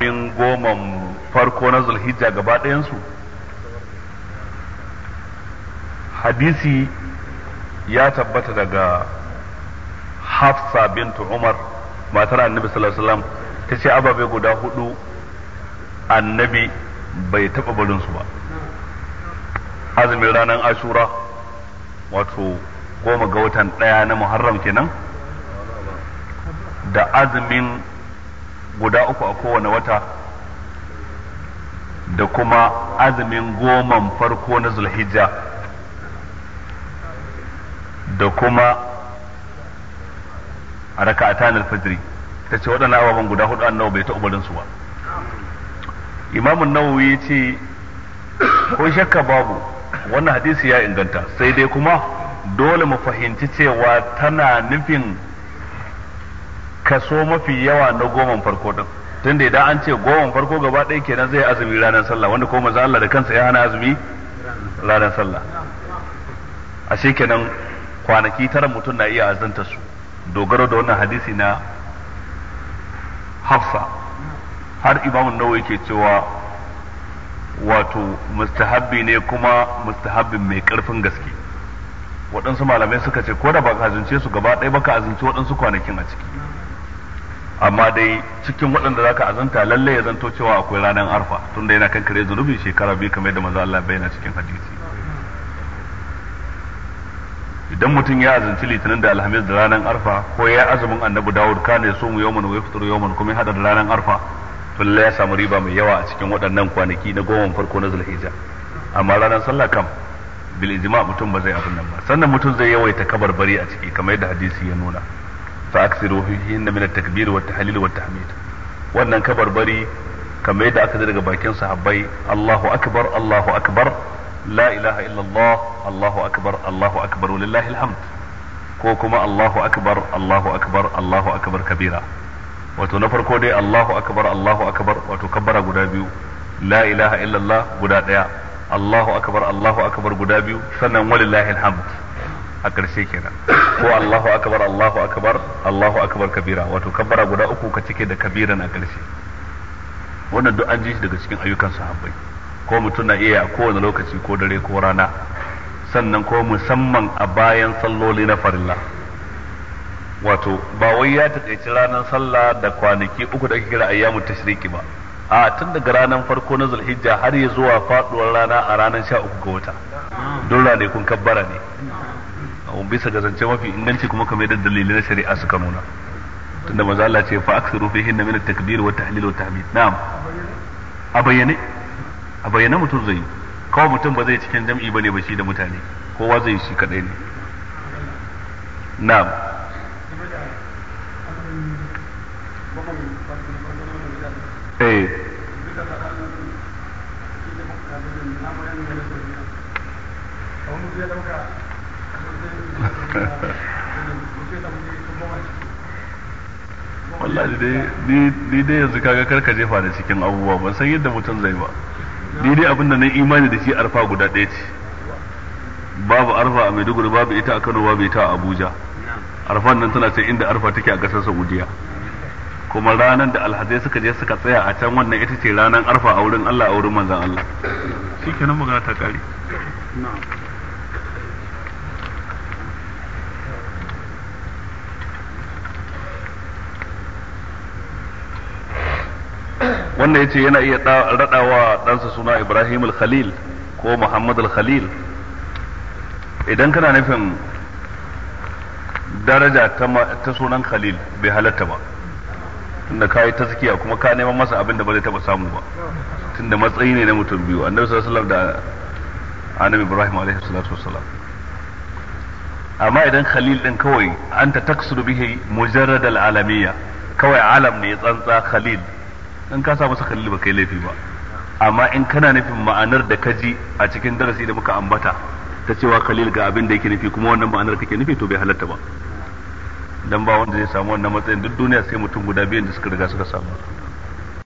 min goman farko na zulhijja gaba ɗayansu hadisi ya tabbata daga hafsa bintu umar matar annabi sallallahu alaihi wasallam ta ce ababe guda hudu annabi bai taɓa barinsu ba azumin ranar ashura wato goma ga watan ɗaya na muharram kenan da azumin guda uku a kowane wata da kuma azumin goman farko na zulhijja da kuma a tanar fajiri ta ce waɗannan ababen guda hudu nawa bai ta barin ba imamun nawawi ya ce ko shakka babu wannan hadisi ya inganta sai dai kuma dole mu fahimci cewa tana nufin kaso mafi yawa na goman farko din tunda idan an ce goman farko gaba ɗaya kenan zai azumi ranar sallah wanda ko manzo Allah da kansa ya hana azumi ranar sallah ashe kenan kwanaki tara mutum na iya azanta su dogaro da wannan hadisi na Hafsa har imamun nawa yake cewa wato mustahabbi ne kuma mustahabbin mai karfin gaske waɗansu malamai suka ce ko da ba ka azunce su gaba ɗaya ba ka azunce waɗansu kwanakin a ciki amma dai cikin waɗanda zaka azanta lallai ya zanto cewa akwai ranar arfa tunda yana kan kare zunubi shekara biyu kamar yadda maza Allah bayyana cikin hadisi idan mutum ya azanci litinin da alhamis da ranar arfa ko ya azumin annabi dawud kana ya sumu yawman wa yaftaru yawman kuma ya hada da ranar arfa to lalle ya samu riba mai yawa a cikin waɗannan kwanaki na goma farko na zulhijja amma ranar sallah kam bil ijma mutum ba zai abin nan ba sannan mutum zai yawaita kabar bari a ciki kamar yadda hadisi ya nuna fa aksiru fihinna min at-takbir wa at-tahlil wa at-tahmid wannan kabarbari kamar da aka ji daga bakin sahabbai Allahu akbar Allahu akbar la ilaha illallah Allahu akbar Allahu akbar walillahi alhamd ko kuma akbar Allahu akbar Allahu akbar kabira wato na farko dai Allahu akbar Allahu akbar wato kabbara guda biyu la ilaha guda daya akbar akbar guda biyu sannan a ƙarshe kenan ko Allahu akbar Allahu akbar Allahu akbar kabira wato kabbara guda uku ka cike da kabiran a ƙarshe wannan duk an ji shi daga cikin ayyukan sahabbai ko mutum na iya kowane lokaci ko dare ko rana sannan ko musamman a bayan salloli na farilla wato ba wai ya taƙaici ranar sallah da kwanaki uku da ake kira ayyamu tashriki ba a tun daga ranar farko na zulhijja har ya zuwa faduwar rana a ranar sha uku ga wata don rane kun kabbara ne bisa ga zance mafi inganci kuma kamar da dalilin na shari'a suka nuna tunda maza Allah ce fa rufe hin na min takbir wa tahlil wa tahmid na'am a bayyane a bayyane mutum zai kawai mutum ba zai cikin jam'i bane ba shi da mutane kowa zai shi kadai ne na'am eh wallahi dai ni dai yanzu kaga karka jefa da cikin abubuwa ban san yadda mutum zai ba ni dai abinda na imani da shi arfa guda ɗaya ce babu arfa a Maiduguri babu ita a Kano babu ita a Abuja arfan nan tana ce inda arfa take a ƙasar Saudiya kuma ranar da alhazai suka je suka tsaya a can wannan ita ce ranar arfa a wurin Allah a wurin manzan Allah magana ta wanda yace yana iya radawa ɗansa suna Ibrahim al-Khalil ko Muhammad al-Khalil idan kana nufin daraja ta sunan Khalil bai halatta ba tunda ka yi taskiya kuma ka neman masa abin da ba zai taba samu ba tunda matsayi ne na mutum biyu annabi sallallahu alaihi wasallam da annabi Ibrahim alaihi salatu wasallam amma idan Khalil din kawai anta taksudu bihi mujarrad al-alamiyya kawai alam ne tsantsa Khalil in ka sa masa kalli ba kai laifi ba amma in kana nufin ma'anar da ka ji a cikin darasi da muka ambata ta cewa kalil ga abin da yake nufi kuma wannan ma'anar kake nufi to bai halatta ba dan ba wanda zai samu wannan matsayin duk duniya sai mutum guda biyan da suka riga suka samu